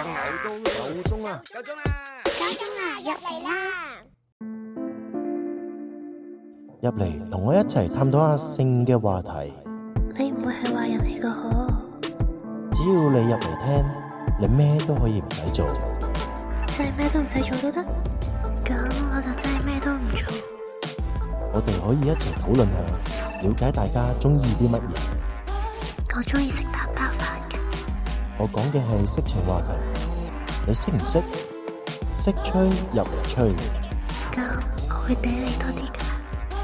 有啊！入嚟啦！入嚟同我一齊探討下性嘅話題。你唔會係話人嚟個好？只要你入嚟聽，你咩都可以唔使做。即係咩都唔使做都得？咁我就真係咩都唔做。我哋可以一齊討論下，了解大家中意啲乜嘢。我中意食蛋包飯嘅。我講嘅係色情話題。你識唔識？色吹入嚟吹。夠，我會俾你多啲噶。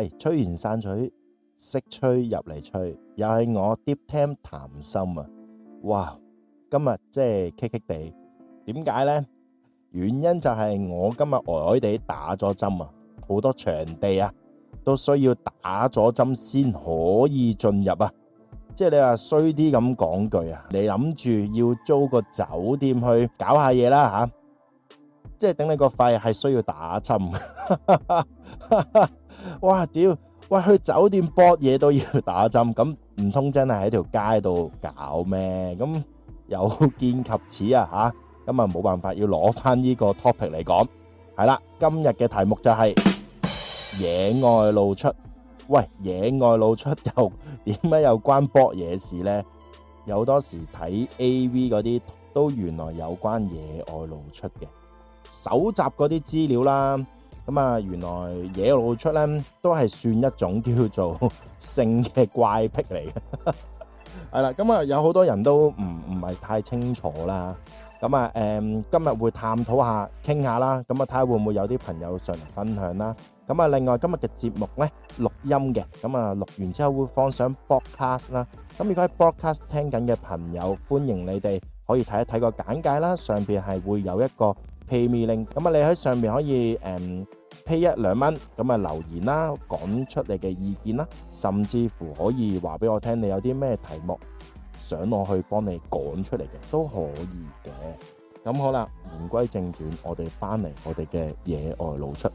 係，吹完散水，色吹入嚟吹，又係我 DeepTam 談深啊！哇，今日即係棘棘地，點解咧？原因就係我今日呆呆地打咗針啊，好多場地啊都需要打咗針先可以進入啊。即係你話衰啲咁講句啊，你諗住要租個酒店去搞下嘢啦吓，即係等你個肺係需要打針，哇屌，喂，去酒店搏嘢都要打針，咁唔通真係喺條街度搞咩？咁有見及此啊吓，咁啊冇辦法要攞翻呢個 topic 嚟講，係啦，今日嘅題目就係野外露出。喂，野外露出又點解有關博嘢事咧？有多時睇 AV 嗰啲都原來有關野外露出嘅搜集嗰啲資料啦。咁啊，原來野外露出咧都係算一種叫做性嘅怪癖嚟嘅。係 啦，咁啊有好多人都唔唔係太清楚啦。咁啊、嗯，今日會探討下，傾下啦。咁啊，睇下會唔會有啲朋友上嚟分享啦。咁啊，另外今日嘅節目咧錄音嘅，咁啊錄完之後會放上 Podcast 啦。咁如果喺 Podcast 聽緊嘅朋友，歡迎你哋可以睇一睇個簡介啦，上邊係會有一個 PayMe link，咁啊你喺上邊可以誒 pay 一兩蚊，咁啊留言啦，講出你嘅意見啦，甚至乎可以話俾我聽你有啲咩題目想我去幫你講出嚟嘅都可以嘅。咁好啦，言歸正傳，我哋翻嚟我哋嘅野外露出。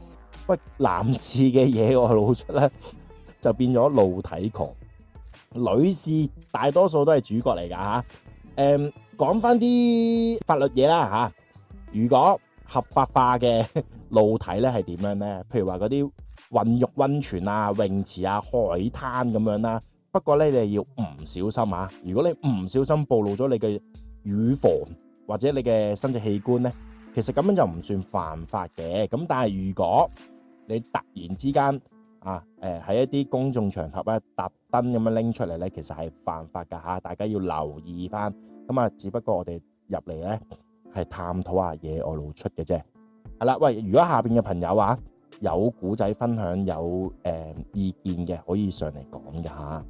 男士嘅嘢，我露出咧，就變咗露體狂。女士大多數都係主角嚟噶。誒、嗯，講翻啲法律嘢啦吓。如果合法化嘅露體咧係點樣咧？譬如話嗰啲混浴温泉啊、泳池啊、海灘咁樣啦。不過咧，你哋要唔小心啊。如果你唔小心暴露咗你嘅乳房或者你嘅生殖器官咧，其實咁樣就唔算犯法嘅。咁但係如果你突然之間啊，誒喺一啲公眾場合咧，特登咁樣拎出嚟咧，其實係犯法噶吓，大家要留意翻。咁啊，只不過我哋入嚟咧係探討下野外露出嘅啫。係啦，喂，如果下邊嘅朋友啊有古仔分享，有誒意見嘅，可以上嚟講噶吓。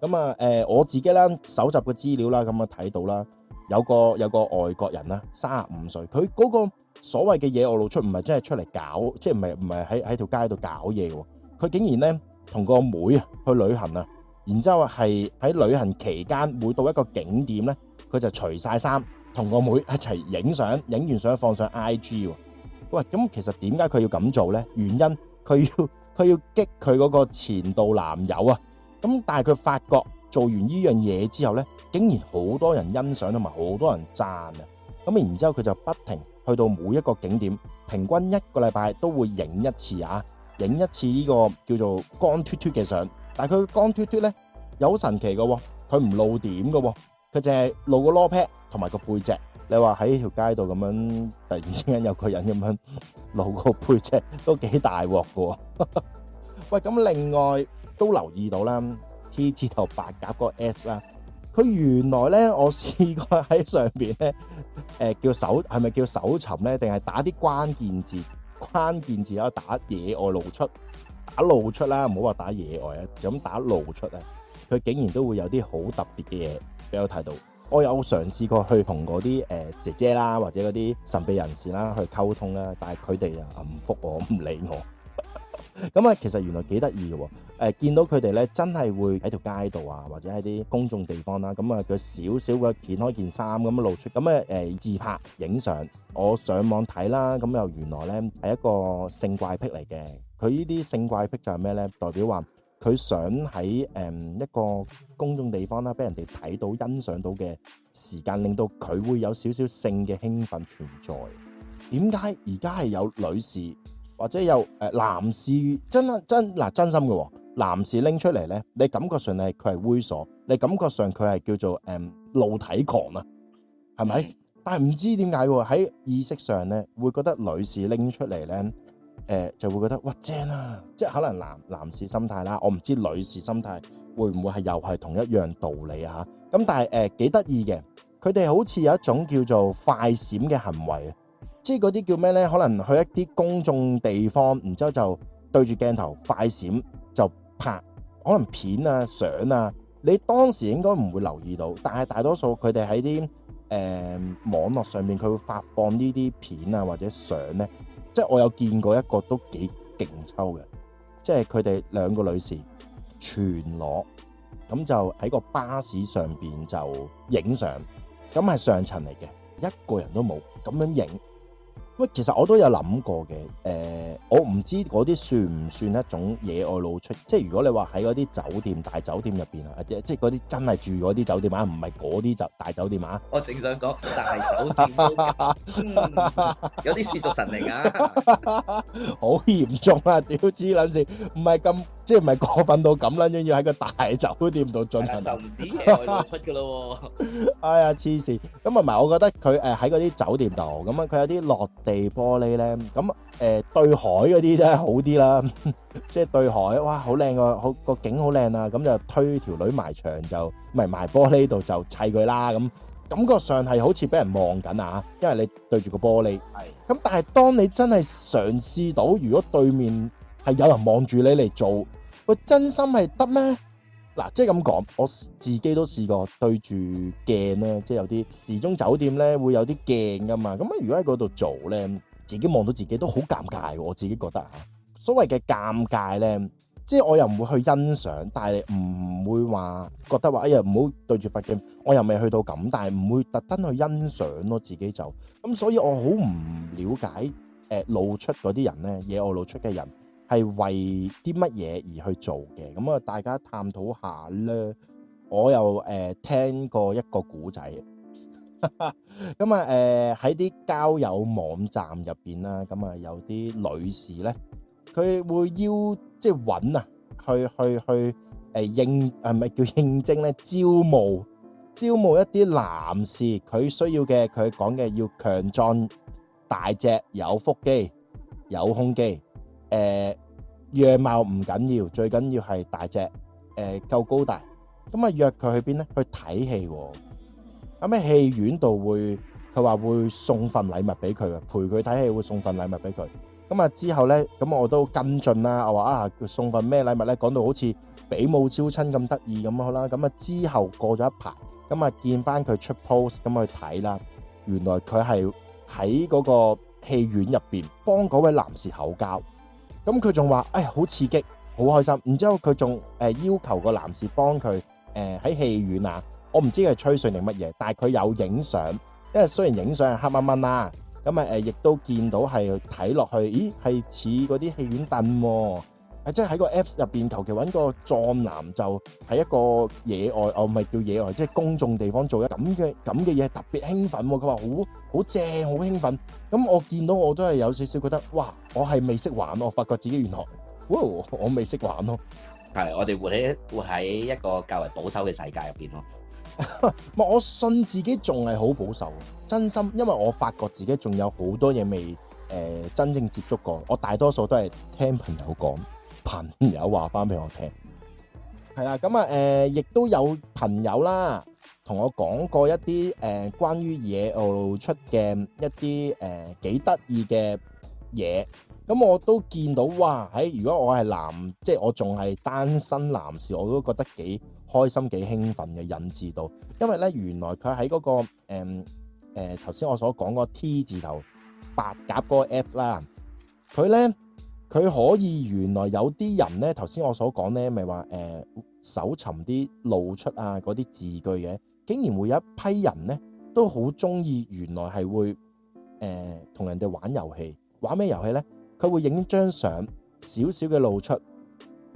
咁啊，誒，我自己咧搜集嘅資料啦，咁啊睇到啦，有個有個外國人啦，三十五歲，佢嗰個所謂嘅嘢，我露出唔係真係出嚟搞，即係唔係唔係喺喺條街度搞嘢喎。佢竟然咧同個妹啊去旅行啊，然之後係喺旅行期間，每到一個景點咧，佢就除晒衫同個妹一齊影相，影完相放上 I G 喎。喂，咁其實點解佢要咁做咧？原因佢要佢要激佢嗰個前度男友啊。咁但係佢發覺做完呢樣嘢之後咧，竟然好多人欣賞同埋好多人讚啊。咁然之後佢就不停。去到每一個景點，平均一個禮拜都會影一次啊，影一次呢個叫做光脫脫嘅相。但係佢光脫脫咧，有好神奇嘅喎，佢唔露點嘅喎，佢淨係露個 lope 同埋個背脊。你話喺條街度咁樣，突然之間有個人咁樣露個背脊，都幾大鑊嘅。喂，咁另外都留意到啦，T 字頭白鴿個 apps 啦！佢原來咧，我試過喺上面咧，誒、呃、叫搜，係咪叫搜尋咧？定係打啲關鍵字？關鍵字啊，打野外露出，打露出啦，唔好話打野外啊，就咁打露出啊，佢竟然都會有啲好特別嘅嘢俾我睇到。我有嘗試過去同嗰啲誒姐姐啦，或者嗰啲神秘人士啦去溝通啦，但係佢哋啊唔覆我，唔理我。咁啊，其實原來幾得意嘅，誒，見到佢哋咧，真係會喺條街度啊，或者喺啲公眾地方啦，咁啊，佢少少嘅掀開件衫咁露出，咁啊，誒，自拍影相，我上網睇啦，咁又原來咧係一個性怪癖嚟嘅。佢呢啲性怪癖就係咩咧？代表話佢想喺誒一個公眾地方啦，俾人哋睇到、欣賞到嘅時間，令到佢會有少少性嘅興奮存在。點解而家係有女士？或者有誒男士真真嗱，真心嘅，男士拎，啊，出嚟，咧，你感覺上係佢係猥瑣，你感覺上佢係叫做誒、嗯，露體狂啊，係咪？但係唔知點解喎，喺意識上咧會覺得女士拎出嚟咧，誒、呃，就會覺得哇正啊，即係可能男男士心態啦，我唔知女士心態會唔會係又係同一樣道理啊？咁、啊，但係誒幾得意嘅，佢、呃、哋好似有一種叫做快閃嘅行為即係嗰啲叫咩咧？可能去一啲公眾地方，然之後就對住鏡頭快閃就拍，可能片啊、相啊，你當時應該唔會留意到。但係大多數佢哋喺啲誒網絡上面，佢會發放呢啲片啊或者相咧。即係我有見過一個都幾勁抽嘅，即係佢哋兩個女士全裸咁就喺個巴士上邊就影相，咁係上層嚟嘅，一個人都冇咁樣影。喂，其實我都有諗過嘅，誒、呃，我唔知嗰啲算唔算一種野外露出，即係如果你話喺嗰啲酒店大酒店入面，啊，即嗰啲真係住嗰啲酒店啊，唔係嗰啲大酒店啊。我正想講大酒店，有啲世俗神嚟㗎，好 嚴重啊！屌黐撚事，唔係咁。即係唔係過分到咁啦？要喺個大酒店度進行，就唔止嘢出㗎咯喎！哎呀黐線！咁同埋我覺得佢誒喺嗰啲酒店度，咁啊佢有啲落地玻璃咧，咁誒對海嗰啲真係好啲啦。即係對海，哇，好靚啊，好個景好靚啊。咁就推條女埋牆，就係埋玻璃度就砌佢啦。咁感覺上係好似俾人望緊啊，因為你對住個玻璃。係。咁但係當你真係嘗試到，如果對面係有人望住你嚟做。喂，真心係得咩？嗱，即係咁講，我自己都試過對住鏡咧，即係有啲時鐘酒店咧會有啲鏡噶嘛。咁啊，如果喺嗰度做咧，自己望到自己都好尷尬。我自己覺得吓，所謂嘅尷尬咧，即係我又唔會去欣賞，但係唔會話覺得話，哎呀唔好對住塊鏡。我又未去到咁，但係唔會特登去欣賞咯，自己就咁。所以我好唔了解誒，露出嗰啲人咧，野外露出嘅人。係為啲乜嘢，而去做嘅？咁啊，大家探討下啦。我又誒聽過一個古仔，咁啊，誒喺啲交友網站入邊啦，咁啊有啲女士咧，佢會要即係揾啊，去去去誒認啊，係咪叫認證咧，招募招募一啲男士，佢需要嘅，佢講嘅要強壯、大隻、有腹肌、有胸肌。誒，樣、呃、貌唔緊要，最緊要係大隻，誒、呃、夠高大。咁啊約佢去邊咧？去睇戲、啊，咁喺戲院度會，佢話會送份禮物俾佢嘅，陪佢睇戲會送份禮物俾佢。咁啊之後咧，咁我都跟進啦。我話啊，送份咩禮物咧？講到好似比武招親咁得意咁好啦。咁啊之後過咗一排，咁啊見翻佢出 post 咁去睇啦。原來佢係喺嗰個戲院入邊幫嗰位男士口交。咁佢仲話，哎，好刺激，好開心。然之後佢仲誒要求個男士幫佢誒喺戲院呀、啊。我唔知佢吹水定乜嘢，但係佢有影相，因為雖然影相係黑黑蚊啦，咁啊亦都見到係睇落去，咦，係似嗰啲戲院凳喎、啊。即係喺個 Apps 入邊求其揾個壯男，就喺一個野外，我唔係叫野外，即係公眾地方做嘅咁嘅咁嘅嘢，特別興奮、哦。佢話好好正，好興奮。咁我見到我都係有少少覺得，哇！我係未識玩，我發覺自己原來，哇！我未識玩咯、哦。係我哋活喺活喺一個較為保守嘅世界入邊咯。 我信自己仲係好保守，真心，因為我發覺自己仲有好多嘢未誒、呃、真正接觸過。我大多數都係聽朋友講。朋友話翻俾我聽，係啦，咁啊，誒、呃，亦都有朋友啦，同我講過一啲誒、呃，關於野外露出嘅一啲誒，幾得意嘅嘢，咁我都見到哇，喺如果我係男，即係我仲係單身男士，我都覺得幾開心、幾興奮嘅，引致到，因為咧，原來佢喺嗰個誒誒，頭、呃、先、呃、我所講個 T 字頭八甲嗰個 app 啦，佢咧。佢可以，原來有啲人呢，頭先我所講呢咪話誒搜尋啲露出啊嗰啲字句嘅，竟然會有一批人呢都好鍾意。原來係會誒同、呃、人哋玩遊戲，玩咩遊戲呢？佢會影張相，少少嘅露出，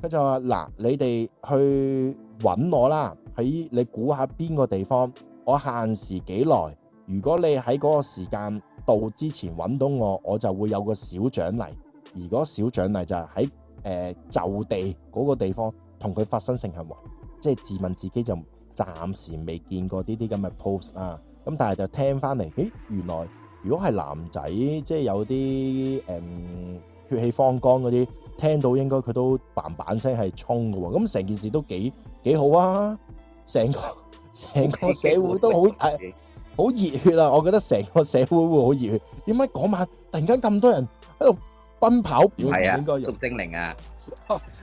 佢就話嗱，你哋去揾我啦，喺你估下邊個地方，我限時幾耐。如果你喺嗰個時間到之前揾到我，我就會有個小獎勵。如果小獎勵就係喺誒就地嗰個地方同佢發生性行為，即係自問自己就暫時未見過呢啲咁嘅 post 啊。咁但係就聽翻嚟，誒原來如果係男仔，即係有啲誒、嗯、血氣方剛嗰啲，聽到應該佢都砰砰聲係衝嘅喎。咁成件事都幾幾好啊！成個成個社會都好係好熱血啊！我覺得成個社會會好熱血。點解嗰晚突然間咁多人喺度？奔跑表係啊，應該捉精靈啊，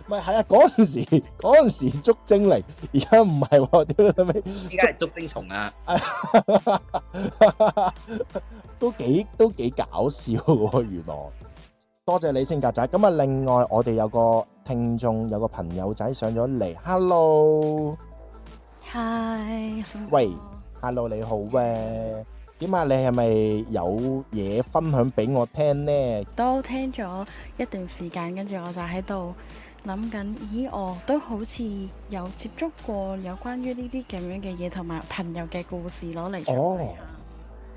唔係？係啊，嗰陣時嗰陣時捉精靈，而家唔係喎，點解？而家係捉精蟲啊，都幾都幾搞笑喎，原來。多謝你，星格仔。咁啊，另外我哋有個聽眾，有個朋友仔上咗嚟，Hello，Hi，喂，Hello，你好喂。起碼你係咪有嘢分享俾我聽呢？都聽咗一段時間，跟住我就喺度諗緊，咦，我都好似有接觸過有關於呢啲咁樣嘅嘢，同埋朋友嘅故事攞嚟。哦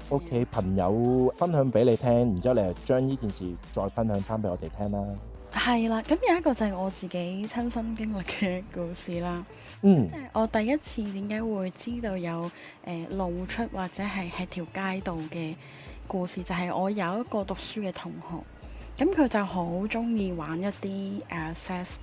，OK，朋友分享俾你聽，然之後你就將呢件事再分享翻俾我哋聽啦。係啦，咁有一個就係我自己親身經歷嘅故事啦。嗯，即係我第一次點解會知道有誒、呃、露出或者係喺條街度嘅故事，就係、是、我有一個讀書嘅同學，咁佢就好中意玩一啲誒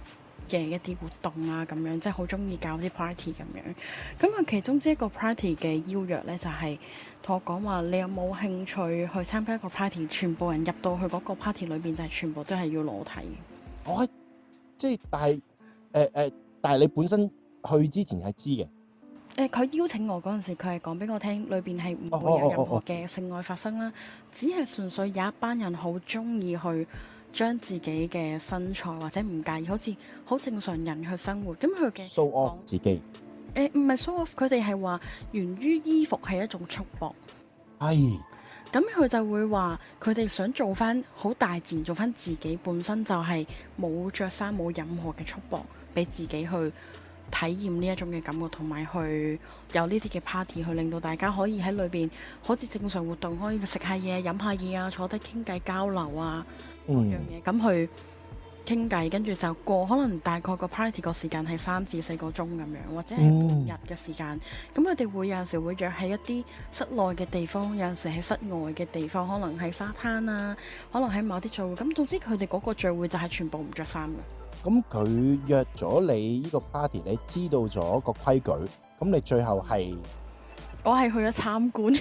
嘅一啲活動啊，咁樣即係好中意搞啲 party 咁樣。咁啊，其中之一個 party 嘅邀約呢，就係、係、同我講話，你有冇興趣去參加一個 party？全部人入到去嗰個 party 裏邊，就係全部都係要裸體的。我即係但係、呃、但係你本身去之前係知嘅。佢、欸、邀請我嗰陣時，佢係講俾我聽，裏邊係唔會有任何嘅性愛發生啦，oh, oh, oh, oh. 只係純粹有一班人好中意去。將自己嘅身材或者唔介意，好似好正常人去生活。咁佢嘅講自己誒，唔係、呃、so off 佢哋係話源於衣服係一種束薄係咁，佢 Aye. 就會話佢哋想做翻好大自然，做翻自己本身就係冇着衫冇任何嘅束薄，俾自己去體驗呢一種嘅感覺，同埋去有呢啲嘅 party，去令到大家可以喺裏邊好似正常活動，可以食下嘢、飲下嘢啊，坐低傾偈交流啊，各樣嘢咁去傾偈，跟住、嗯、就過，可能大概個 party 個時間係三至四個鐘咁樣，或者係半日嘅時間。咁佢哋會有陣時會約喺一啲室內嘅地方，有陣時喺室外嘅地方，可能喺沙灘啊，可能喺某啲聚會。咁總之佢哋嗰個聚會就係全部唔着衫嘅。咁佢約咗你呢個 party，你知道咗個規矩，咁你最後係？我係去咗參觀。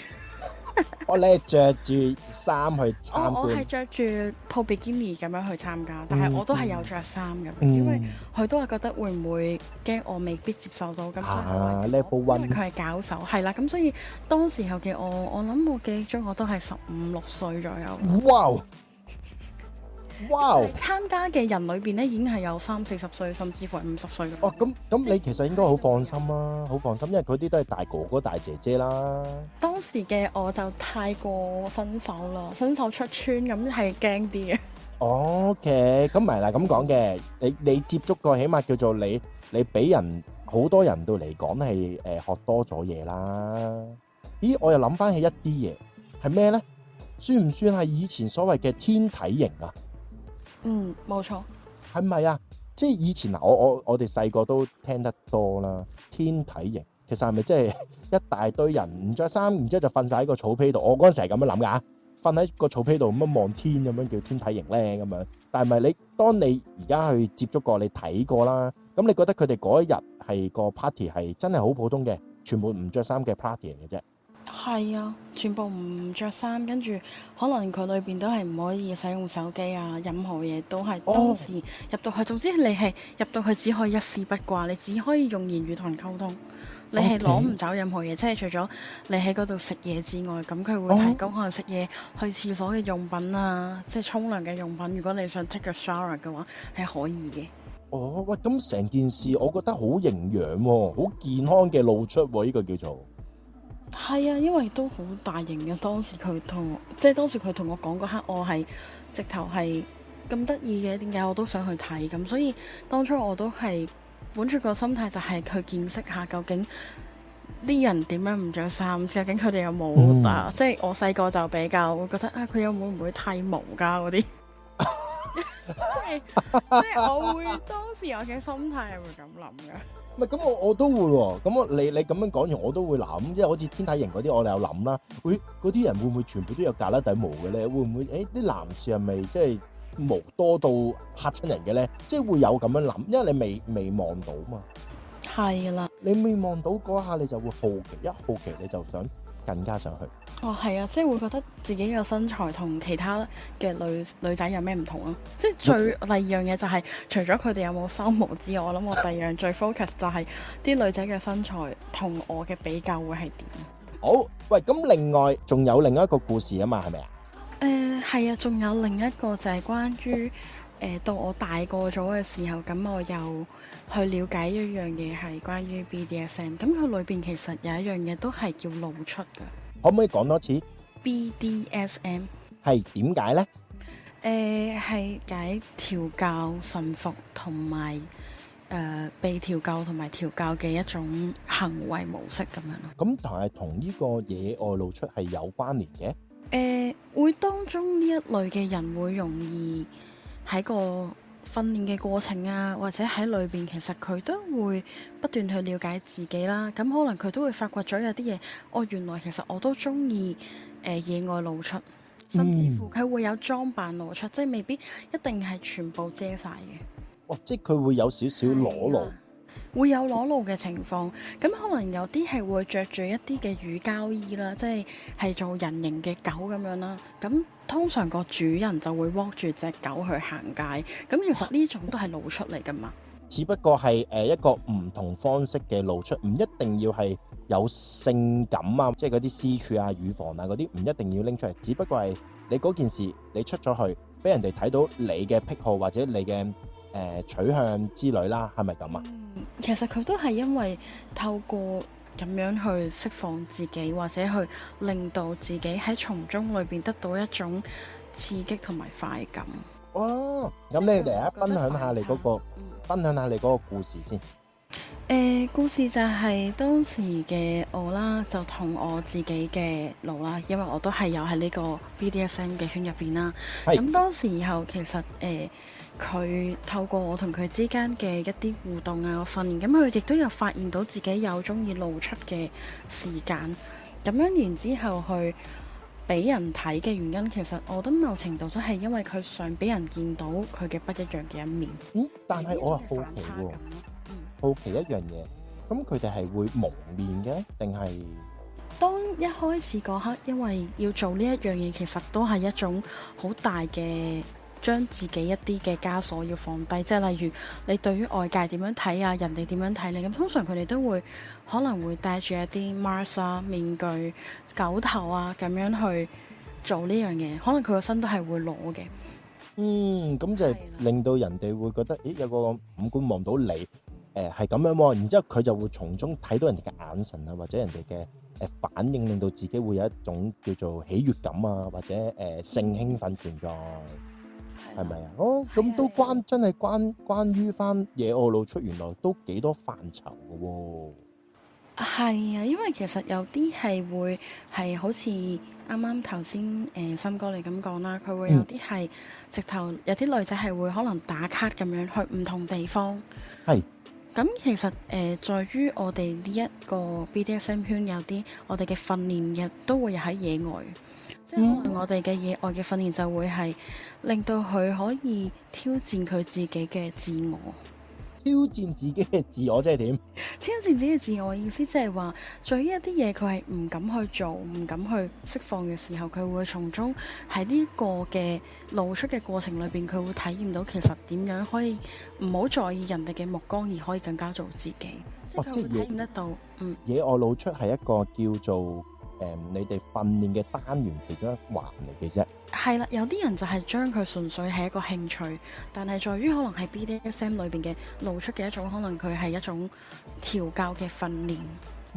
我咧着住衫去參觀。我我係着住套比基尼咁樣去參加，但係我都係有着衫嘅，嗯、因為佢都係覺得會唔會驚我未必接受到咁。啊，呢 Level one. 因為佢係搞手，係啦，咁所以當時候嘅我，我諗我記憶中我都係十五六歲左右。哇！Wow! 哇！Wow 參加嘅人裏邊咧，已經係有三四十歲，甚至乎係五十歲咯。哦，咁咁，你其實應該好放心啊，好放心，因為佢啲都係大哥哥、大姐姐啦。當時嘅我就太過新手啦，新手出村咁係驚啲嘅。OK，咁唔係啦，咁講嘅你你接觸過，起碼叫做你你俾人好多人都嚟講係誒、呃、學多咗嘢啦。咦，我又諗翻起一啲嘢係咩咧？算唔算係以前所謂嘅天體型啊？嗯，冇錯，係唔係啊？即係以前我我我哋細個都聽得多啦。天體營其實係咪即係一大堆人唔着衫，然之後就瞓晒喺個草皮度？我嗰陣時係咁樣諗噶，瞓喺個草皮度咁樣望天咁樣叫天體營咧咁樣。但係咪你當你而家去接觸過，你睇過啦，咁你覺得佢哋嗰一日係個 party 係真係好普通嘅，全部唔着衫嘅 party 嚟嘅啫。係啊，全部唔着衫，跟住可能佢裏邊都係唔可以使用手機啊，任何嘢都係當時入到去，oh. 總之你係入到去只可以一絲不掛，你只可以用言語同人溝通，你係攞唔走任何嘢，Okay. 即係除咗你喺嗰度食嘢之外，咁佢會提供可能食嘢、oh. 去廁所嘅用品啊，即係沖涼嘅用品。如果你想 take a shower 嘅話，係可以嘅。哦，oh, 喂，咁成件事我覺得好營養、哦，好健康嘅露出、哦，呢、呢個叫做。係啊，因為都好大型嘅。當時佢同我，即係當時佢同我講嗰刻，我係直頭係咁得意嘅。點解我都想去睇？咁所以當初我都係本住個心態，就係去見識下究竟啲人點樣唔着衫，究竟佢哋有冇啊？Mm. 即係我細個就比較會覺得啊，佢有冇唔會剃毛噶嗰啲？ 即係即係我會當時我嘅心態係會咁諗噶。唔係咁，我我都會喎。咁我你你咁樣講完，我都會諗，啊，即係好似天體人嗰啲，我哋有諗啦。會嗰啲人會唔會全部都有架甩底毛嘅咧？會唔會誒啲、哎、男士係咪即係毛多到嚇親人嘅咧？即、就、係、是、會有咁樣諗，因為你未未望到嘛。係啦的，你未望到嗰下，你就會好奇，一好奇你就想更加上去。哦，係啊，即係會覺得自己嘅身材同其他嘅女女仔有咩唔同咯。即係最第二樣嘢就係、是，除咗佢哋有冇修毛之外，我諗我第二樣 最 focus 就係、是、啲女仔嘅身材同我嘅比較會係點。好、哦，喂，咁另外仲有另一個故事啊嘛，係咪、呃、啊？誒，係啊，仲有另一個就係、是、關於誒、呃，到我大個咗嘅時候，咁我又去了解一樣嘢係關於 BDSM，咁佢裏邊其實有一樣嘢都係叫露出嘅。可唔可以講多次？BDSM 係點解呢？誒係解調教信服同埋誒被調教同埋調教嘅一種行為模式咁樣咯。咁但係同呢個野外露出係有關聯嘅。誒會當中呢一類嘅人會容易喺個訓練嘅過程啊，或者喺裏邊，其實佢都會不斷去了解自己啦。咁可能佢都會發掘咗有啲嘢，哦，原來其實我都鍾意誒野外露出，甚至乎佢會有裝扮露出，即係未必一定係全部遮晒嘅。哦，即係佢會有少少裸露。會有裸露嘅情況，咁可能有啲係會著住一啲嘅乳膠衣啦，即係係做人形嘅狗咁樣啦。咁通常個主人就會 walk 住隻狗去行街。咁其實呢種都係露出嚟噶嘛，只不過係誒一個唔同方式嘅露出，唔一定要係有性感啊，即係嗰啲私處啊、乳房啊嗰啲，唔一定要拎出嚟。只不過係你嗰件事你出咗去，俾人哋睇到你嘅癖好或者你嘅誒、呃、取向之類啦，係咪咁啊？其實佢都係因為透過咁樣去釋放自己，或者去令到自己喺從中裏邊得到一種刺激同埋快感。哦，咁你嚟啊，分享下你嗰個，慘分享下你個故事先。誒、嗯呃，故事就係當時嘅我啦，就同我自己嘅路啦，因為我都係有喺呢個 BDSM 嘅圈入邊啦。咁是當時以後其實誒。呃佢透過我同佢之間嘅一啲互動啊，訓練，咁佢亦都有發現到自己有中意露出嘅時間，咁樣然之後去俾人睇嘅原因，其實我覺得某程度都係因為佢想俾人見到佢嘅不一樣嘅一面。嗯，但係我係好奇喎，反差感，嗯，好奇一樣嘢，咁佢哋係會蒙面嘅，定係當一開始嗰刻，因為要做呢一樣嘢，其實都係一種好大嘅。將自己一啲嘅枷鎖要放低，即係例如你對於外界點樣睇啊，人哋點樣睇你咁，通常佢哋都會可能會戴住一啲 mask 啊、面具、狗頭啊咁樣去做呢樣嘢，可能佢個身都係會裸嘅。嗯，咁就係令到人哋會覺得，的咦，有個五官望到你，誒係咁樣喎，啊，然之後佢就會從中睇到人哋嘅眼神啊，或者人哋嘅誒反應，令到自己會有一種叫做喜悅感啊，或者誒、呃、性興奮存在。係咪啊？吧哦，咁都關真係關關於返野外露出，原來都幾多範疇嘅喎。係啊，因為其實有啲係會係好似啱啱頭先誒、深、呃、哥你咁講啦，佢會有啲係、嗯、直頭有啲女仔係會可能打卡咁樣去唔同地方。係的，咁其實誒、呃，在於我哋呢一個 BDSM 圈有啲，我哋嘅訓練亦都會喺野外。即係我哋嘅野外嘅訓練，就會係令到佢可以挑戰佢自己嘅自我。挑戰自己嘅自我即係點？挑戰自己嘅自我意思即係話，對於一啲嘢佢係唔敢去做，唔敢去釋放嘅時候，佢會從中喺呢個嘅露出嘅過程裏邊，佢會體驗到其實點樣可以唔好在意人哋嘅目光，而可以更加做自己。即係佢會體驗得到。哦，野、嗯、野外露出係一個叫做，誒，um, 你哋訓練嘅單元其中一環嚟嘅啫。係啦，有啲人就係將佢純粹係一個興趣，但係在於可能係 BDSM 裏邊嘅露出嘅一種，可能佢係一種調教嘅訓練。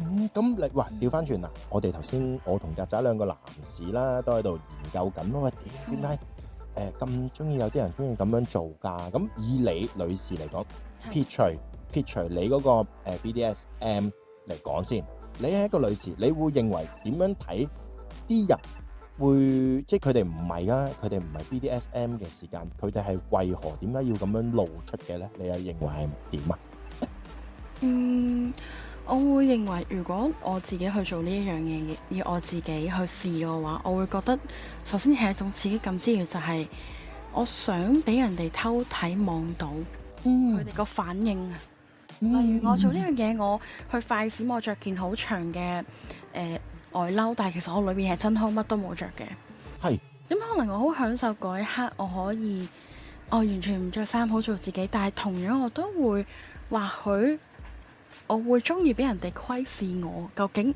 咁、嗯，咁你話調翻轉嗱，我哋頭先我同格仔兩個男士啦，都喺度研究緊咯。點點解誒咁中意有啲人中意咁樣做噶？咁以你女士嚟講，撇除、嗯、撇除你嗰個誒 BDSM 嚟講先。你係一個女士，你會認為點樣睇啲人，會即係佢哋唔係啊？佢哋唔係 BDSM 嘅時間，佢哋係為何點解要咁樣露出嘅呢？你又認為係點啊？嗯，我會認為如果我自己去做呢一樣嘢，以我自己去試嘅話，我會覺得首先係一種刺激感之餘，就係、是、我想俾人哋偷睇望到佢哋個反應。例如我做呢樣嘢，我去快閃，我着件好長嘅誒外褸，但係其實我裏面係真空，乜都冇着嘅。係是。點可能我好享受嗰一刻，我可以我完全唔着衫，好做自己。但係同樣我都會說，或許我會中意俾人哋窺視我。究竟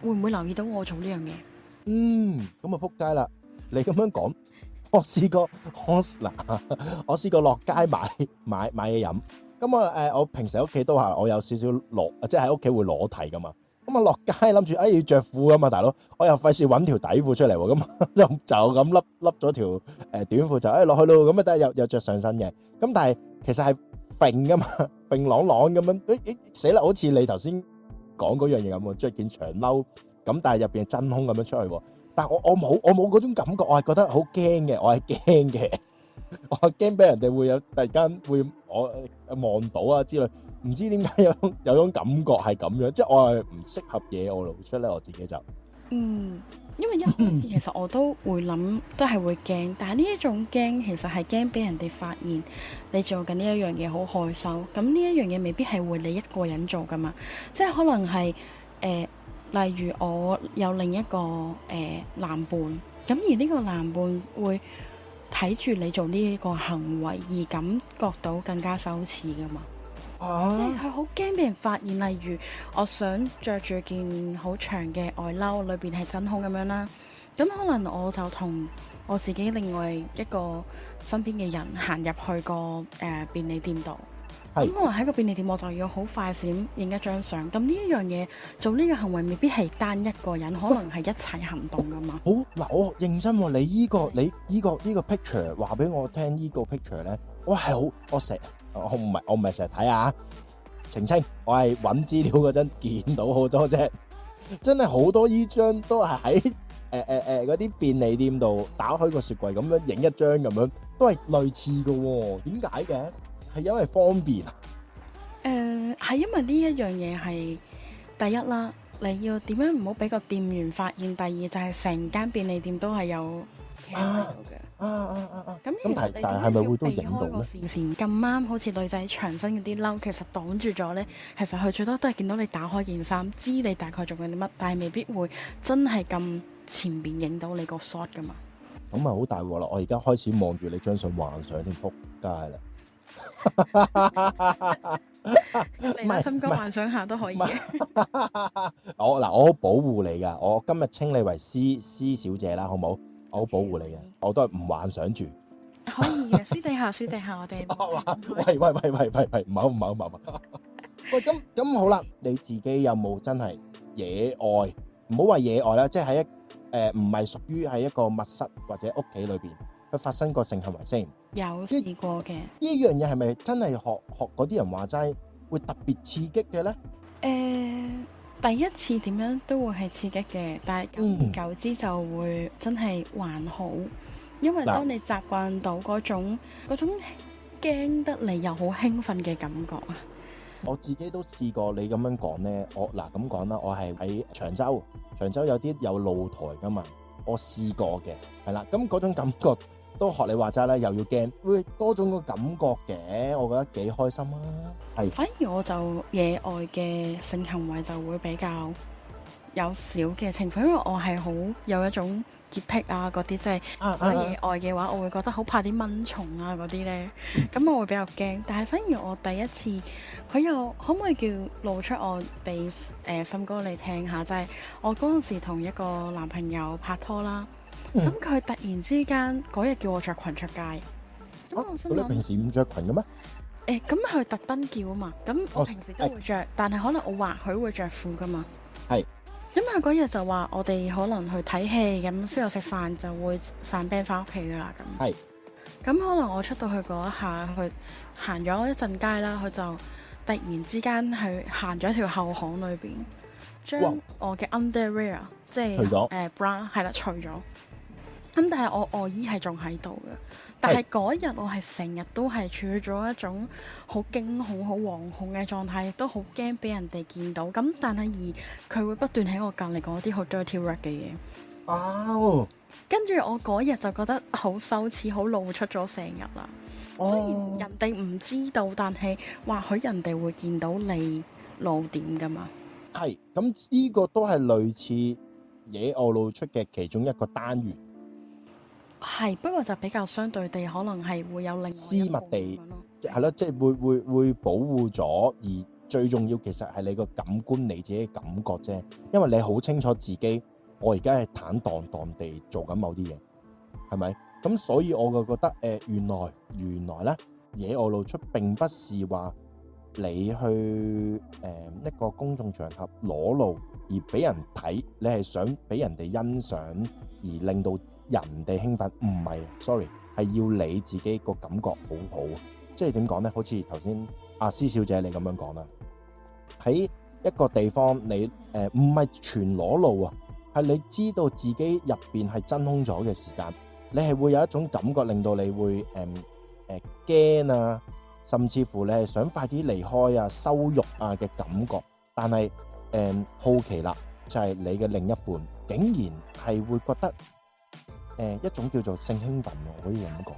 會唔會留意到我做呢樣嘢？嗯，咁啊扑街啦！你咁樣講，我試過我試過，我試過落街買買買嘢飲。咁啊，誒，我平時喺屋企都係我有少少裸，即係喺屋企會裸體噶嘛。咁啊，落街諗住誒要著褲噶嘛，大佬，我又費事揾條底褲出嚟喎。咁就就咁笠笠咗條誒短褲就誒落去咯。咁啊，得又又著上身嘅。咁但係其實係揈噶嘛，揈朗朗咁樣。誒誒，死啦，好似你頭先講嗰樣嘢咁喎，著件長褸咁，但係入邊真空咁樣出去。但係我我冇我冇嗰種感覺，我係覺得好驚嘅，我係驚嘅。我驚俾人哋會有突然間會我望到啊之類，唔知點解有有一種感覺係咁樣，即係我係唔適合嘢我露出咧，我自己就嗯，因為一開始其實我都會諗都係會驚， 但係呢一種驚其實係驚俾人哋發現你做緊呢一樣嘢好害羞，咁呢一樣嘢未必係會你一個人做噶嘛，即係可能係誒、呃，例如我有另一個誒、呃、男伴，咁而呢個男伴會。睇住你做呢一個行為而感覺到更加羞恥噶嘛，啊、即係佢好驚俾人發現。例如，我想着住件好長嘅外褸，裏面係真空咁樣啦，咁可能我就同我自己另外一個身邊嘅人行入去個誒、呃、便利店度。咁我喺個便利店，我就要好快閃影一張相。咁呢一樣嘢，做呢個行為未必係單一個人，可能係一齊行動噶嘛。好嗱，我認真，你依個你依個呢個 picture，話俾我聽，依個 picture 咧，我係好我成，我唔係我唔係成日睇下。澄清，我係揾資料嗰陣見到好多啫，真係好多依張都係喺誒誒誒嗰啲便利店度打開個雪櫃咁樣影一張咁樣，都係類似噶喎，點解嘅？係因為方便啊？誒、呃，係因為呢一樣嘢係第一啦，你要點樣唔好俾個店員發現？第二就係成間便利店都係有啊嘅啊啊啊啊！咁其實你仲要避開個視線，咁啱好似女仔長身嗰啲褸，其實擋住咗咧。其實佢最多都係見到你打開件衫，知你大概做緊啲乜，但係未必會真係咁前邊影到你個 shot 噶嘛。咁咪好大鑊咯！我而家開始望住你張相幻想添，撲街啦！唔係，心機幻想下都可以。我嗱，我好保護你噶，我今日稱你為思思小姐啦，好唔好？我好保護你嘅，我都係唔幻想住。可以嘅，私底下，私底下我哋。喂喂喂喂喂喂，唔好唔好唔好。喂，咁咁好啦，你自己有冇真係野外？唔好話野外啦，即係喺一誒，唔係屬於喺一個密室或者屋企裏邊。發生過性行為先，有試過嘅。呢樣嘢係咪真係學學嗰啲人話齋會特別刺激嘅咧？誒、呃，第一次點樣都會係刺激嘅，但係久而久之就會真係還好，嗯、因為當你習慣到嗰種種驚得嚟又好興奮嘅感覺。我自己都試過，你咁樣講咧，我嗱咁講啦，我係喺長洲，長洲有啲有露台噶嘛，我試過嘅，係啦，咁嗰種感覺。都學你話齋啦，又要驚，會多種個感覺嘅，我覺得幾開心啊！係。反而我就野外嘅性行為就會比較有少嘅情況，因為我係好有一種潔癖啊，嗰啲即係野外嘅話，我會覺得好怕啲蚊蟲啊嗰啲咧，咁我會比較驚。 但係反而我第一次，佢又可唔可以叫露出我畀誒、呃、心歌你聽下？就係、是、我嗰陣時同一個男朋友拍拖啦。咁佢，嗯、突然之間嗰日叫我着裙出街，咁我，啊、你平時唔着裙嘅咩？咁佢特登叫啊嘛，咁我平時都會着，啊、但係可能我或佢會着褲噶嘛。咁佢嗰日就話我哋可能去睇戲，咁先後食飯就會散 band 翻屋企啦咁。咁是可能我出到去嗰一下，佢行咗一陣街啦，佢就突然之間去行咗條後巷裏邊，將我嘅 underwear 即係 bra 係啦，除咗。咁但係我外衣係仲喺度嘅，但係嗰日我係成日都係處於咗一種好驚恐、好惶恐嘅狀態，亦都好驚俾人哋見到。咁但係而佢會不斷喺我隔籬講啲好 dirty rap 嘅嘢。哦。跟住我嗰日就覺得好羞恥，好露出咗成日啦。哦。雖然人哋唔知道，但係或許人哋會見到你露點噶嘛。係，咁呢個都係類似野外露出嘅其中一個單元。係，不過就比較相對地，可能係會有另的私密地，即係咯，即、就、係、是、會會會保護咗。而最重要，其實係你個感官你自己嘅感覺啫。因為你好清楚自己，我而家係坦蕩蕩地做緊某啲嘢，係咪？咁所以我就覺得，誒、呃，原來原來咧，野外露出，並不是話你去誒一、呃這個公眾場合裸露而俾人睇，你係想俾人哋欣賞而令到。人哋興奮唔係，Sorry，係要你自己個感覺好好，即係點講咧？好似頭先阿思小姐你咁樣講啦，喺一個地方你誒唔係全裸露啊，係你知道自己入邊係真空咗嘅時間，你係會有一種感覺令到你會誒誒驚啊，甚至乎你係想快啲離開啊、羞辱啊嘅感覺，但係誒、嗯、好奇啦，就係、是、你嘅另一半竟然係會覺得。誒、呃，一種叫做性興奮，我可以咁講。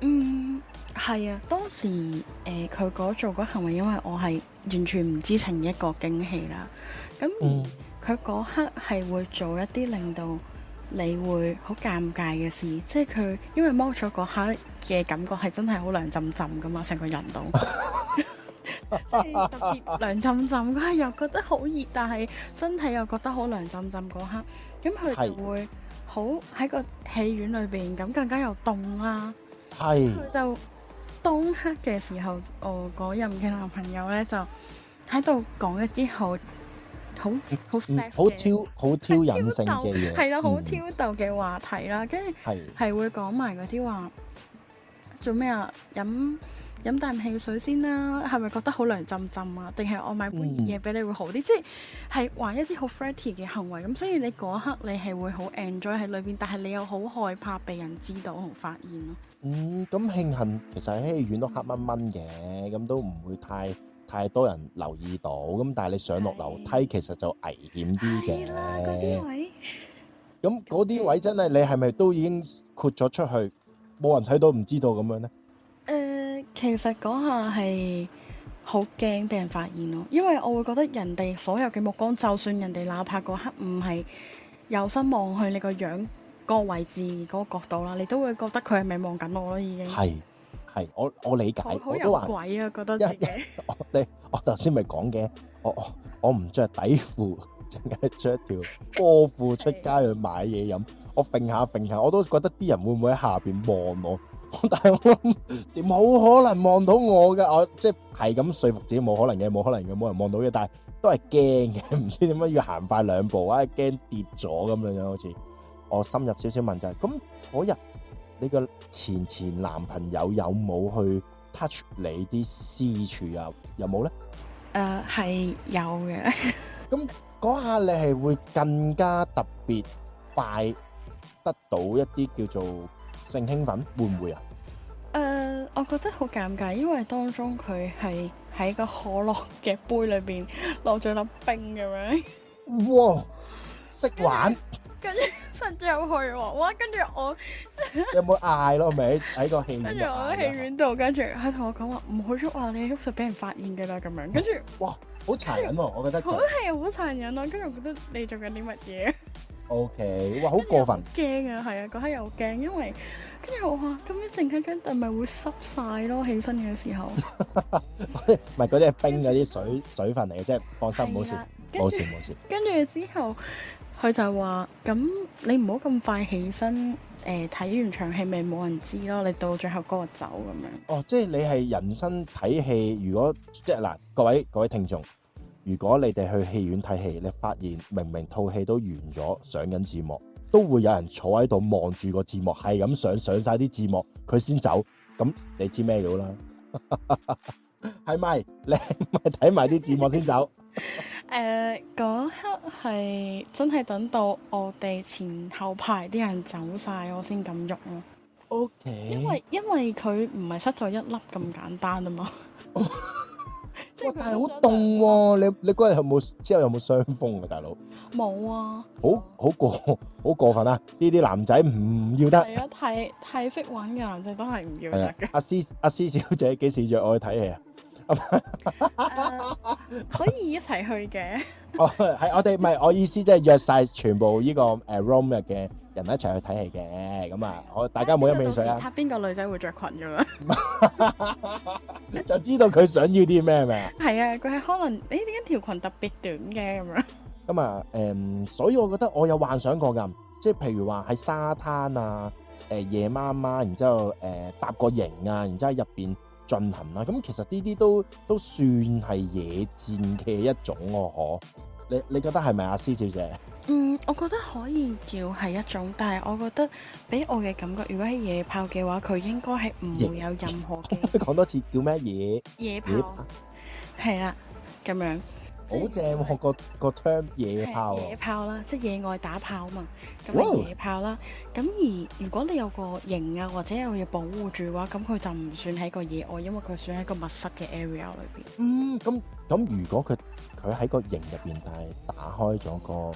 嗯，係啊，當時誒，佢、呃、嗰做嗰行為，因為我係完全唔知情一個驚喜啦。咁，佢嗰、嗯、刻係會做一啲令到你會好尷尬嘅事，即係佢因為摸咗嗰刻嘅感覺係真係好涼浸浸噶嘛，成個人都，即係， 特別涼浸浸，又覺得好熱，但係身體又覺得好涼浸浸嗰刻，咁佢就會。好喺個戲院裏邊，咁更加又凍啦。係是。就當黑嘅時候，哦，嗰任嘅男朋友咧就喺度講一啲好好好好挑好挑引性嘅嘢。係啦、嗯，好挑，好挑，隱性的 挑逗嘅對、嗯、話題啦，跟住係會講埋嗰啲話。做咩啊？飲飲啖汽水先啦，啊，係咪覺得好涼浸浸啊？定係我買杯熱嘢俾你會好啲？嗯、即係玩一啲好 fancy 嘅行為咁，所以你嗰刻你係會好 enjoy 喺裏邊，但係你又好害怕被人知道同發現咯。嗯，咁慶幸其實喺戲院都黑掹掹嘅，咁都唔會太太多人留意到。咁但係你上落樓梯其實就危險啲嘅。啲位？咁嗰啲位真係你係咪都已經豁咗出去？冇人睇到唔知道咁樣呢。誒、呃，其實嗰下係好驚俾人發現咯，因為我會覺得人哋所有嘅目光，就算人哋哪怕嗰刻唔係有心望去你個樣個位置嗰、個角度啦，你都會覺得佢係咪望緊我咯？已經係係，我我理解，我，有我都鬼啊，覺得你我我頭先咪講嘅，我我唔着底褲。淨係着條波褲出街去買嘢飲，的我揈下揈下，我都覺得啲人會唔會喺下邊望我？但係我諗冇可能望到我嘅，我即係咁說服自己冇可能嘅，冇可能嘅，冇人望到嘅。但係都係驚嘅，唔知點解要行快兩步啊，驚跌咗咁樣樣，好似我深入少少問就係、是，咁嗰日你個前前男朋友有冇去 touch 你啲私處啊？有冇咧？誒、uh，係有嘅。咁。嗰下你係會更加特別快得到一啲叫做性興奮，會唔會啊？誒，我覺得好尷尬，因為當中佢係喺個可樂嘅杯裏邊落咗粒冰咁樣。哇！識玩，跟住伸咗入去喎。哇！跟住我有冇嗌咯？咪喺個戲院，跟住喺戲院度，跟住佢同我講話唔好喐啊！你喐就俾人發現㗎喇，咁樣。跟住哇！好殘忍喎、啊，我覺得、這個。好係好殘忍咯、啊，跟住我覺得你做緊啲乜嘢？OK，哇，好過分。驚啊，係啊，嗰刻又驚，因為跟住我話咁一陣間張凳咪會濕晒咯，起身嘅時候。唔係嗰啲係冰嗰啲水 水分嚟嘅，即係放心冇事冇事冇事。跟住之後佢就話，咁你唔好咁快起身。誒，睇完場戲咪冇人知咯，你到最後嗰個走咁樣。哦，即係你係人生睇戲，如果即係嗱，各位各位聽眾，如果你哋去戲院睇戲，你發現明明套戲都完咗，上緊字幕，都會有人坐喺度望住個字幕，係咁上上晒啲字幕，佢先走，咁你知咩料啦？係 咪？你係咪睇埋啲字幕先走。 誒，嗰、uh, 刻係真係等到我哋前後排啲人走晒，我先敢喐咯。O Okay . K，因為因為佢唔係塞咗一粒咁簡單啊嘛。Oh. 哇，但係好凍喎！你你嗰日有冇之後有冇傷風噶、啊、大佬？冇啊！好好過好過分啊！呢啲男仔唔要得。係啊，些太太識玩嘅男仔都係唔要得嘅。阿詩阿詩小姐幾時約我去睇戲啊？ uh, 可以一齊去嘅。哦 oh,，係我哋，唔係我意思，即係約晒全部呢個誒 room 入嘅人一齊去睇戲嘅。咁啊，我大家冇飲汽水啊。邊個女仔會着裙啫嘛？就知道佢想要啲咩咪？係啊，佢係可能點解條裙特別短嘅咁樣。咁啊，誒，所以我覺得我有幻想過噶，即係譬如話喺沙灘啊，誒、呃，夜媽媽，然之後誒，搭個營啊，然之後喺入邊。呃進行啦，咁其實呢啲都都算係野戰嘅一種喎，嗬？你你覺得係咪阿施小姐？嗯，我覺得可以叫係一種，但係我覺得俾我嘅感覺，如果係野炮嘅話，佢應該係唔會有任何嘅。講野炮 多次叫咩嘢？野，野炮係啦，咁樣。好正喎！來那個個 term< 是>野炮，野炮啦，即、就、係、是、野外打炮嘛，咁咪野炮啦。咁哇而如果你有個營啊，或者有嘢保護住嘅話，咁佢就唔算喺個野外，因為佢算喺個密室嘅 area 裏邊。嗯，咁咁，如果佢佢喺個營入邊，但係打開咗個誒、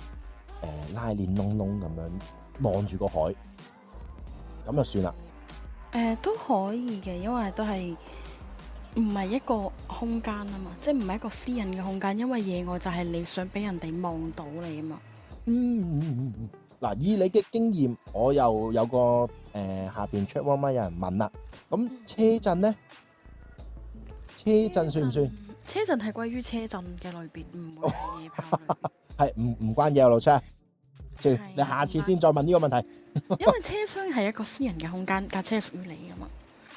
呃、拉鍊窿窿咁樣望住個海，咁就算啦。誒、呃、都可以嘅，因為都係。唔係一個空間啊嘛，即係唔係一個私人嘅空間，因為野外就係你想俾人哋望到你啊嘛。嗯，嗱，以你嘅經驗，我又有個誒、呃、下邊 chatroom 啊，有人問啦，咁車震咧、嗯，車震算唔算？車震係歸於車震嘅類別，唔會係唔唔關嘢。外路車。老車，你下次先再問呢個問題，因為車廂係一個私人嘅空間，架車屬於你啊嘛。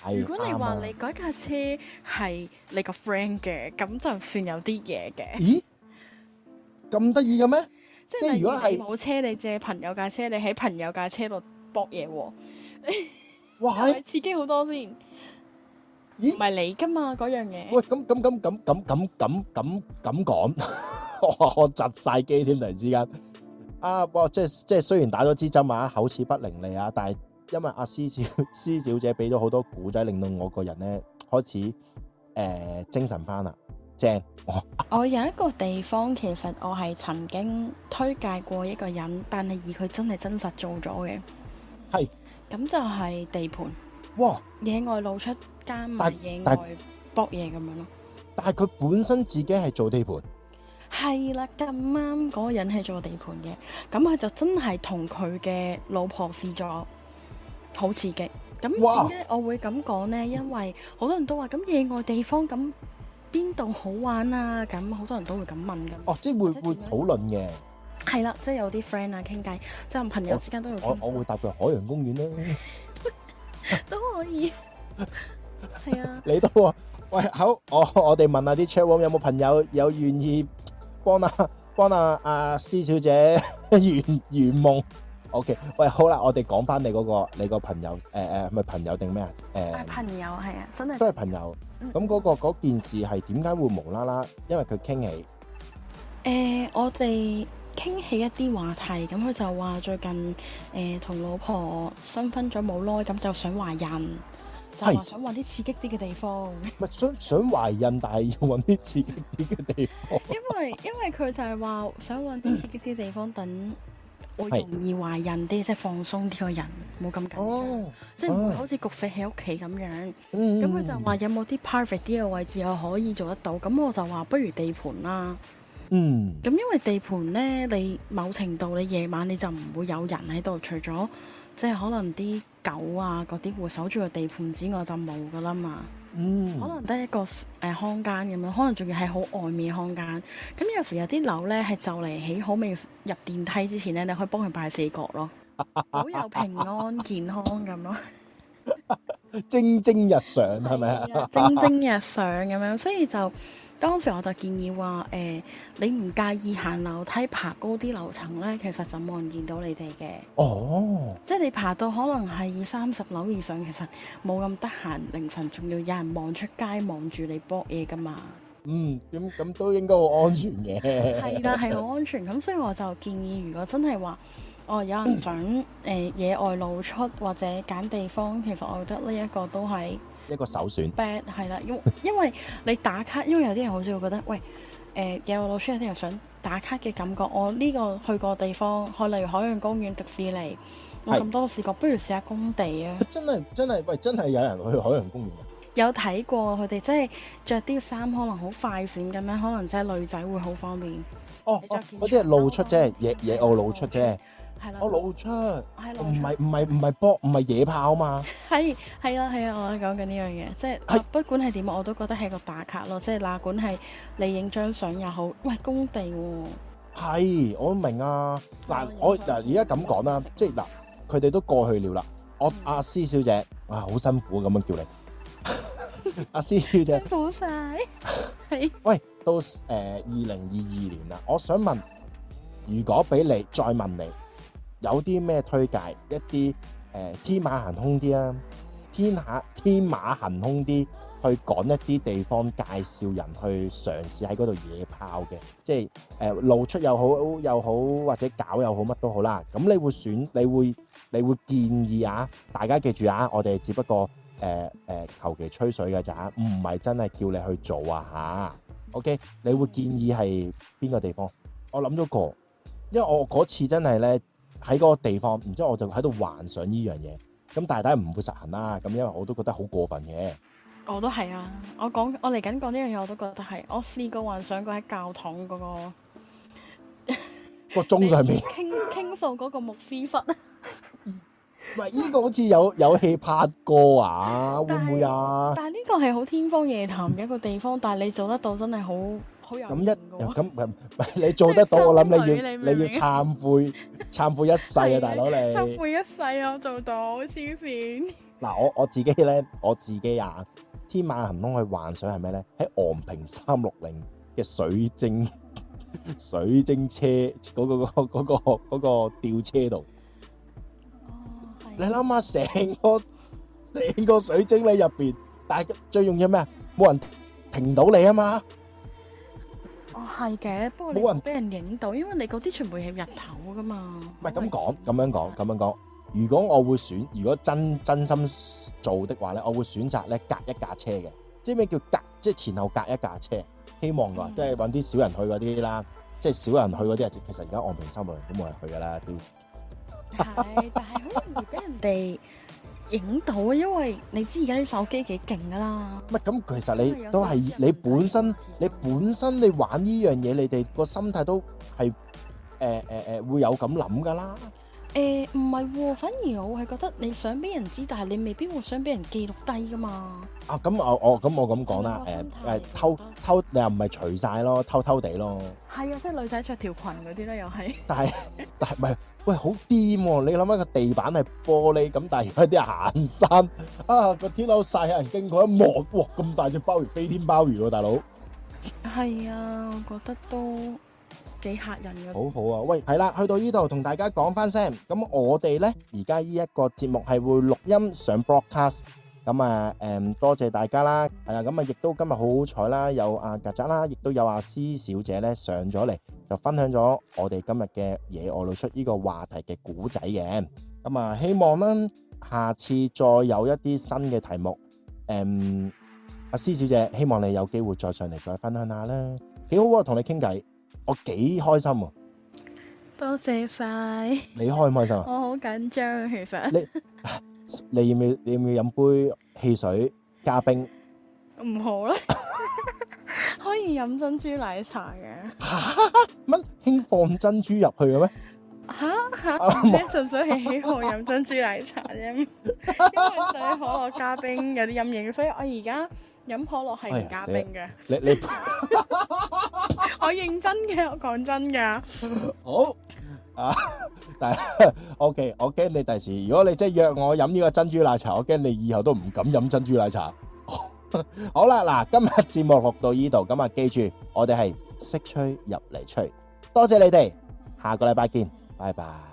如果你話你嗰架車係你個 friend 嘅，咁就算有啲嘢嘅。咦？咁得意嘅咩？即係如果係冇車你借朋友架車，你喺朋友架車度博嘢喎。哇！係刺激好多先。咦？唔係你噶嘛？嗰樣嘢。喂！咁咁咁咁咁咁咁咁咁講，我窒晒機添，突然之間。啊！哇！即係即係，雖然打咗支針啊，口齒不伶俐啊，但係。因為阿、啊、施小施小姐俾咗好多古仔，令到我個人咧開始誒、呃、精神翻啦，正、哦、我。有一個地方，其實我係曾經推介過一個人，但係以佢真係真實做咗嘅。係是。咁就係地盤。哇！野外露出間咪，野外搏嘢咁樣咯。但係佢本身自己係做地盤。係啦，咁啱嗰個人係做地盤嘅，咁佢就真係同佢嘅老婆試咗。好刺激！咁點解，我會咁講咧，哇因為好多人都話咁野外地方咁邊度好玩啊！咁好多人都會咁問噶。哦，即係會即會討論嘅。係啦，即係有啲 friend 啊傾偈，我即係朋友之間都會。我我會搭配海洋公園咧， 都可以。係 啊。你都、 喔、喂好，我我哋問，問下啲 chat room 有冇朋友有願意幫啊幫啊阿施小姐圓圓夢。O、okay, K，喂，好啦，我哋講翻你嗰、那個，你個朋友，誒、呃、誒，係咪朋友定咩啊？誒、呃，朋友係啊，真係都係朋友。咁嗰、嗯那個那件事係點解會無啦啦？因為佢傾起，誒、呃，我哋傾起一啲話題，咁佢就話最近誒同、呃、老婆新婚咗冇耐，咁就想懷孕，就話想揾啲刺激啲嘅地方。唔係是 想想懷孕，但係要揾啲刺激啲嘅地方。 因為因為佢就係話想揾啲刺激啲嘅地方、嗯、等。會容易懷孕啲，是即係放鬆啲個人，冇咁緊張，oh, 即係唔會好似焗死喺屋企咁樣。咁佢、oh. 就話有冇啲 perfect 啲嘅位置我可以做得到？咁我就話不如地盤啦。嗯，咁因為地盤呢，你某程度你夜晚你就唔會有人喺度，除咗即係可能啲狗啊嗰啲會守住個地盤之外，就冇㗎喇嘛。嗯、可能得一個誒、呃，空間咁樣，可能仲要係好外面空間。咁有時候有啲樓咧，係就嚟起好未入電梯之前咧，你可以幫佢拜四角咯，好有平安健康咁咯，蒸蒸日上係咪啊？蒸蒸 日上咁樣，所以就。當時我就建議話誒、呃，你唔介意行樓梯爬高啲樓層呢，其實就冇人見到你哋嘅。哦，即係你爬到可能係二三十樓以上，其實冇咁得閒，凌晨仲要有人望出街望住你博嘢噶嘛。嗯，咁咁都應該好安全嘅。係 啦，係好安全。咁所以我就建議，如果真係話，哦有人想誒、嗯呃、野外露出，或者揀地方，其實我覺得呢一個都係。一個首選，係啦，因為因為你打卡， 因為有啲人好少會覺得，喂，誒、呃、野外露出有啲人想打卡嘅感覺，我呢個去過地方，去例如海洋公園、迪士尼，我咁多試過，的不如試下工地啊！真係真係喂，真係有人去海洋公園啊？有睇過佢哋真係着啲衫，可能好快閃咁樣，可能即係女仔會好方便。哦，嗰啲係露出啫，野、野外露出啫。我露出，唔係唔係唔係搏，唔係野炮啊嘛，係係啊係啊，我係講緊呢樣嘢，即係不管係點，我都覺得係個打卡咯，即係哪管係你影張相又好，喂工地喎，係我都明啊嗱，我嗱而家咁講啦，即係嗱佢哋都過去了啦，我阿施小姐啊，好辛苦咁樣叫你，阿施小姐辛苦曬係。喂到誒二零二二年啦，我想問，如果俾你再問你？有啲咩推介？一啲誒、呃、天馬行空啲啊，天下天馬行空啲去講一啲地方介紹人去嘗試喺嗰度野炮嘅，即係露、呃、出又好又好，或者搞又好乜都好啦。咁你會選？你會你會，你會建議啊？大家記住啊，我哋只不過誒求其吹水嘅咋，唔係真係叫你去做啊吓。OK，你會建議係邊個地方？我諗咗個，因為我嗰次真係咧。喺嗰個地方，然之後我就喺度幻想呢樣嘢，咁大大唔會實行啦。咁因為我都覺得好過分嘅，我都係啊！我講我嚟緊講呢樣嘢，我都覺得係。我試過幻想過喺教堂嗰、嗰個個鐘上面傾傾訴嗰個牧師室啊 ？唔係呢個好似有有戲拍過啊？ 會唔會啊？但係呢個係好天方夜譚嘅一個地方， 但係你做得到真係好。咁一又咁唔你做得到？我諗你要你要懺悔懺悔一世啊，大佬你懺悔一世啊，我做到黐線！嗱，我我自己咧，我自己啊，天馬行空去幻想係咩咧？喺昂平三六零嘅水晶水晶車嗰個個嗰個嗰個吊車度，你諗下成個成個水晶咧入邊，但係最重要咩？冇人停到你啊嘛！係嘅，不過你冇人俾人影到，人因為你嗰啲全部係日頭噶嘛。唔係咁講，咁樣講，咁人樣講。如果我會選，如果真真心做的話咧，我會選擇咧隔一架車嘅，即咩叫隔？即前後隔一架車，希望嘅話，即係揾啲少人去嗰啲啦，嗯、即係少人去嗰啲啊。其實而家岸平山都冇人去噶啦。係是， 但係好容易俾人哋。影到啊，因為你知而家啲手機幾勁㗎啦。乜咁，其實你都係你本身，你本身你玩呢樣嘢，你哋個心態都係誒誒誒會有咁諗㗎啦。誒，唔係、欸，反而我係覺得你想俾人知，但係你未必會想俾人記錄低噶嘛啊。啊，咁、啊啊、我我咁我咁講啦，誒誒、啊啊欸，偷偷你又唔係除晒咯，偷偷地咯。係啊，即係女仔着條裙嗰啲咧，又係。 但係但係唔係，喂，好癲、啊！你諗下個地板係玻璃，咁但係有啲人行山啊，個天樓晒有人經過一望，哇，咁大隻鮑魚飛天鮑魚喎，大佬。係啊，我覺得都。幾吓人嘅，好好啊！喂，係啦，去到呢度同大家講翻聲。咁我哋咧，而家呢一個節目係會錄音上 broadcast。咁啊，誒、嗯，多謝大家啦。係啦，咁啊，亦都今日好好彩啦，有阿曱甴啦，亦都有阿、啊、施小姐咧上咗嚟，就分享咗我哋今日嘅野外露出呢個話題嘅古仔嘅。咁啊，希望咧下次再有一啲新嘅題目，誒、嗯，阿、啊、施小姐希望你有機會再上嚟再分享下啦。幾好啊，同你傾偈。我幾開心啊！多謝晒你，開唔開心啊？我好緊張其實。你你要唔要？你要唔要飲杯汽水加冰？唔好啦，可以飲珍珠奶茶嘅。吓乜？興放珍珠入去嘅咩？吓吓，你純粹係喜好飲珍珠奶茶啫。因為水可樂加冰有啲陰影，所以我而家飲可樂係唔加冰嘅。你你。我認真嘅，我講真噶。好啊，但係 OK，我驚你第時，如果你真係約我飲呢個珍珠奶茶，我驚你以後都唔敢飲珍珠奶茶。好啦，嗱，今日節目落到呢度，咁啊，記住我哋係識吹入嚟吹，多謝你哋，下個禮拜見，拜拜。